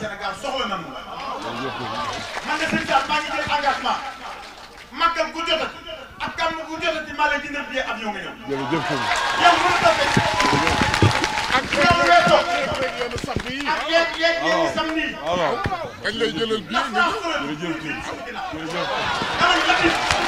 Sénégal soxla nañu man de sëñ Saal maa ngi jël engagement màggal gu jotati ak gàmm gu jotati maa lay jëndal billet avion nga ñëw. jërëjëf sëñ bi yow mënut a fekk. ak yow weesoo ak yéen yéen yéen i samedi yi. waaw waaw dañ lay jëlal billet nga jël jërëjëf sëñ bi jërëjëf.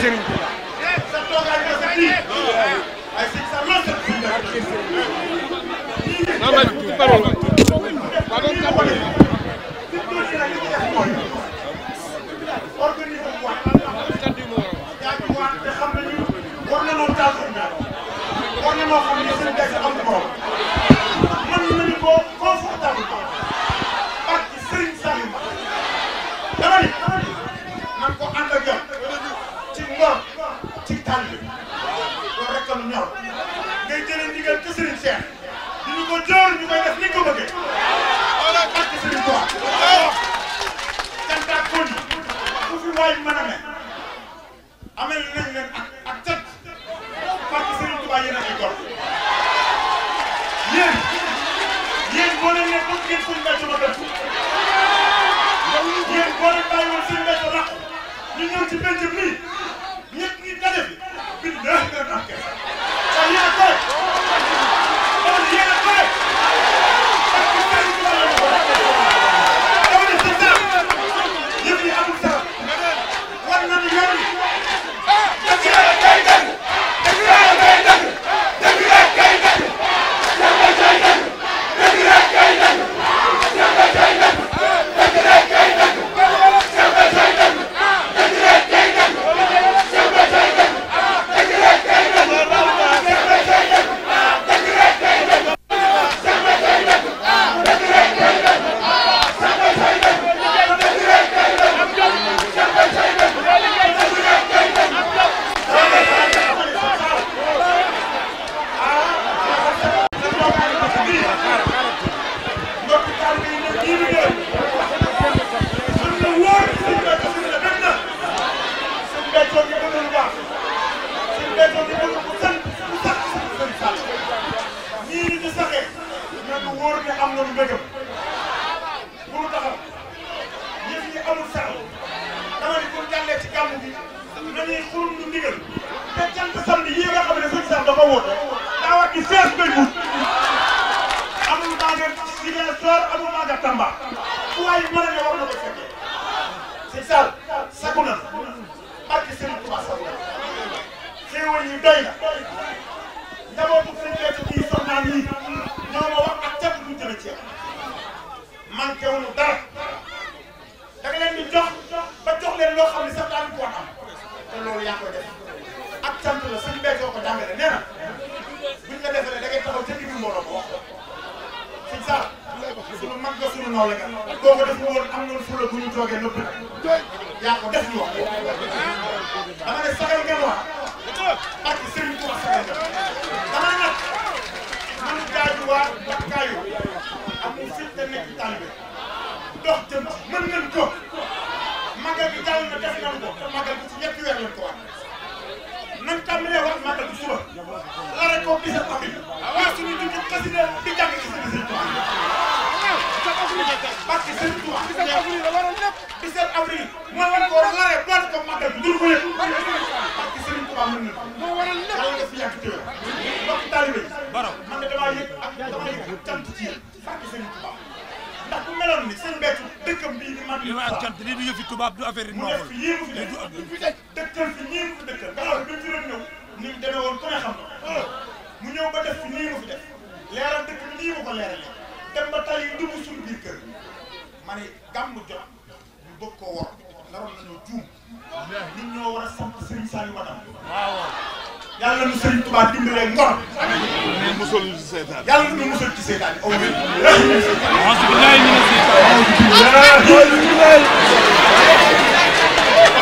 Serigne Touba. maa ngi lay parole Dama ni ci tànn loolu rek la ñor ngay jëlee ndigal ci Serigne Cheikh di ñu ko joor ñu koy def ni ko bëggee wala barke Serigne Touba cantaak kon ku fi waay mën a ne amel nañ leen ak ak cat barke Serigne Touba yéen a ngi gor yéen yéen boo leen ne bëgg ngeen suñu mbécc ma dëkk yéen boo leen bàyyi woon suñu mbécc raq ñu ñëw ci mbécc mi ak Tamba waaye mën na ne war na ko fekkee sëñ Saal sakku na barke Sëriñ Tuubaa sakku na yi doy na njabootu sëñ Béthio bii soxnaan yi ñoo ma wax ak jàpp bu jëme ci yow manqué wu ñu dara leen di jox ba jox leen loo xam ne sax daan te loolu yaa koy def ak cant la sëñ Béthio ko jàngale nee na am noonu la nga boo ko def woon am noonu fula bu ñu toogee nëbbu yaa ko def ñu wax dama ne saxal ngeen wax ak Serigne Touba saxal nga dama nag man jaaju waa bakkaayu amul fit te nekk taalibe dox te mën ngeen ko magal gi jàll na def nañ ko te magal gi ci ñetti weer lañ ko wax nañ tàmbalee wax magal gi suba. tubaab du affaire yi noonu lii du am fi teg dëkkal fi ñii mu fi dëkkal nga xam ne bi fi doon ñëw ni mu demee woon ku ne xam na mu ñëw ba def fi nii mu fi def leeral dëkk bi nii mu ko leerale dem ba tay yi dugg suñu biir kër ma ne gàmm jot ñu bëgg koo wor naroon nañoo juum ñun ñoo war a sant Serigne Saliou Wadam waaw yàlla nu Serigne Touba dimbalee ngor musal ci seytaan yàlla nu musal ci seytaan yi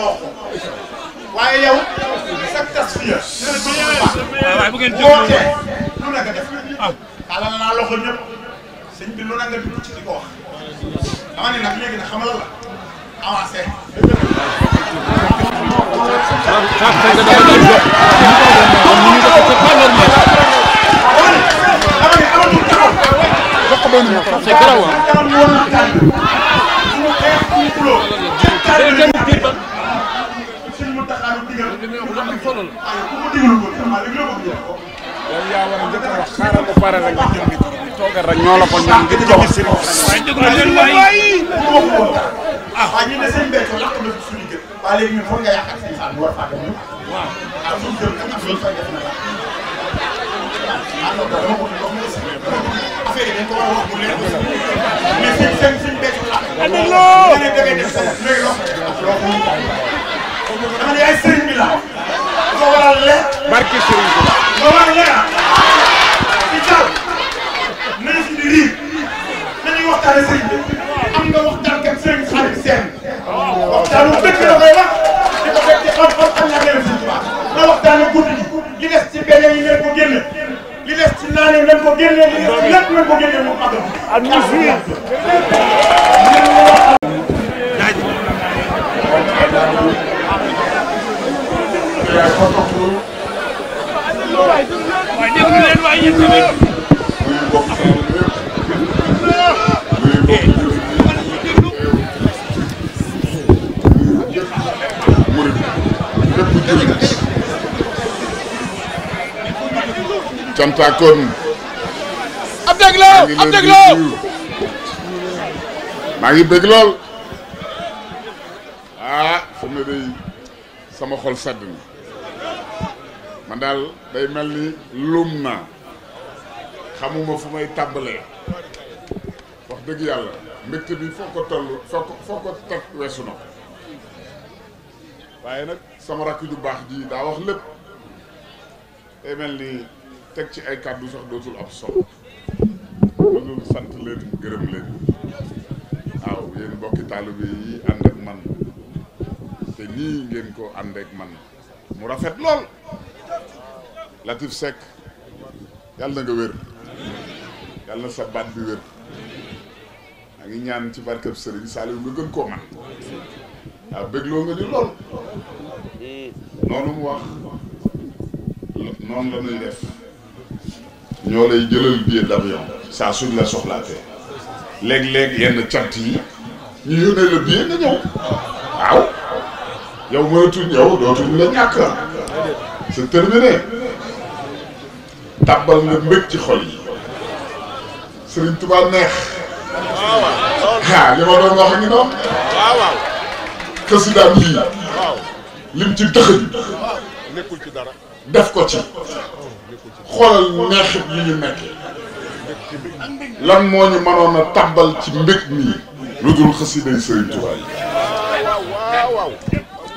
ma wax ko waaye yow sa tasfiya. Ah, waaw bu ngeen jóg woote lu na nga def. waaw ah. xaaral naa loxo ñëpp sëñ bi lu na nga dugg ci di ko wax dama ne nag léegi nag xamal la avancé. C'est grave. loolu la. yow yaa war a njëkk a wax xaaral ba pare rek nga jëm bi toogal rek ñoo la ko ñaan ngir jox waaye déglu leen waay ah waaw ñu ne seen mbéy mi yàq na suñu jëm. waaw léegi ñun foog nga yàqal seen saal bu war faa dem waaw ah suñu jëm kat ak loolu fay def na la. ah non non dama ko dama ko si affaire yi dañ ko war a wax bu leer mais seen seen seen mbéy mi làq. am na loo léegi da ngay def léegi loo xam ne dama ne ay sëriñ bi la. ko waral le barke Serigne Touba loolu nee na si dal nañ si di riir nañuy waxtaane sëriñ bi am nga waxtaan kat sëriñ Xaadim Seen waxtaan bu dëgg la koy wax di ko fekk xam-xam xam naa leen Serigne Touba na waxtaane guddi gi li des ci beneen yi leen ko génne li des ci naanee leen ko génne li des ci lépp leen ko génne moom àgg bu nekk ab dëgg ab dëgg maa ngi bëgg lool ah fu mu sama xol sedd na man daal day mel ni lum naa xamuma fu may tàmbalee wax deug yalla mbekk bi foko ko foko foko ko wessu ko waye nak sama rakk ju bax di da wax lepp e melni tek ci ay kaddu sax dotul am solo loolu sant leen gëreem leen aw yeen mbokki taalibe yi ànd ak man te ni ngeen ko and ak man mu rafet lol Latif sek yalla nga wër yàlla sa baat bi wér maa ngi ñaan ci barkeb sëriñ Saliou nga gën koo man waaw bégloo nga di lool noonu mu wax noonu la ñuy def ñoo lay jëlal billet d'avion saa suñ la soxlaatee léeg-léeg yenn cant yi ñu yónnee la billet nga ñëw waaw yow mënatuñ yow dootuñ la ñàkk c'est terminé tabbal nga mbëgg ci xol yi Serigne Touba neex li ma doon wax ak ñu doon xasidaam lim ci dëxëñ def ko ci xoolal neexit yi ñu nekk lan moo ñu mënoon tàbbal ci mbég mi lu dul xasiday Serigne Touba yi.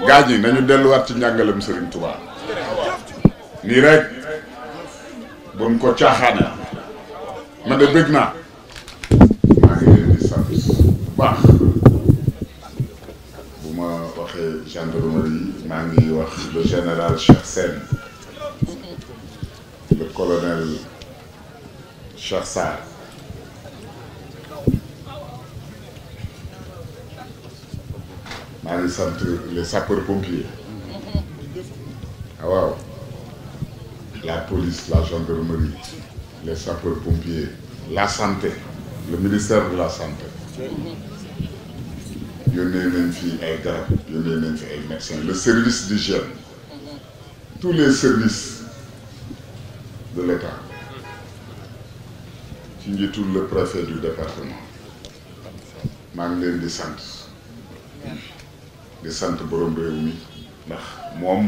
gaa ñi nañu delluwaat ci njàngalem Serigne Touba nii rek buñ ko caaxaanee. Madame de marie naa maa ngi leen di gendarmerie maa le général Cheikh le colonel Cheikh marie maa le sapeur les sapeurs pompiers ah la police la gendarmerie les sapeurs-pompiers, la santé, le ministère de la santé. le service d'hygiène tous les services de l'État ci tout le préfet du département les ngi leen di sant di santé. borom réew mi ndax moom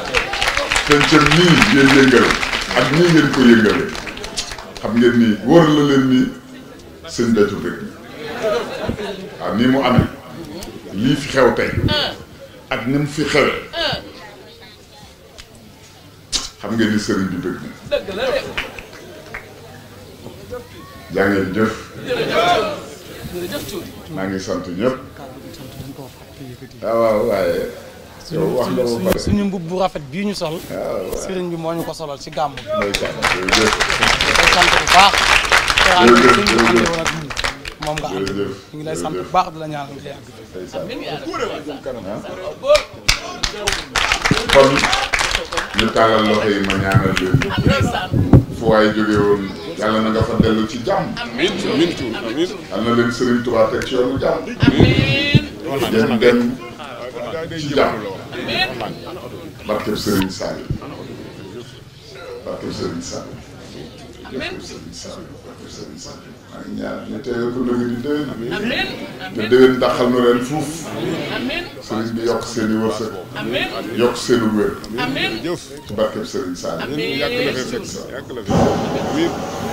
seen cër nii ngeen yëngal ak nii ngeen ko yëngale xam ngeen ni wóor la leen ni seen daju bëgg waaw nii mu amee lii fi xew tey ak ni mu fi xewee xam ngeen ni sëriñ bi bëgg na jaa ngeen jëf maa ngi sant ñëpp waaw waaye yow wax nga suñu mbub bu rafet bii ñu sol. Ah, sëriñ bi moo ñu ko solal ci gàmm. mooy sant bu baax. jërëjëf jërëjëf moom nga am ñu ah. loxo yi ma ñaanal leen fu waay jóge woon yàlla na nga fa dellu ci jàmm. amiin yal na leen Serigne Touba ci yoonu jàmm. amiin dem. ci jàmm barkeb Serigne Saliou barkeb Serigne Saliou barkeb Serigne Saliou barkeb Serigne Saliou maa ngi ñaar ñu teel ko dëgg di déwén te déwén daxal nu ren fuuf bi yokk seen i wërsëg yokk seen i wér barkeb Serigne Saliou yàgg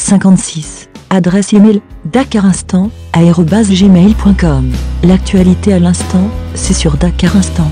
56. Adresse email gmail.com. L'actualité à l'instant, c'est sur Dakar Instant.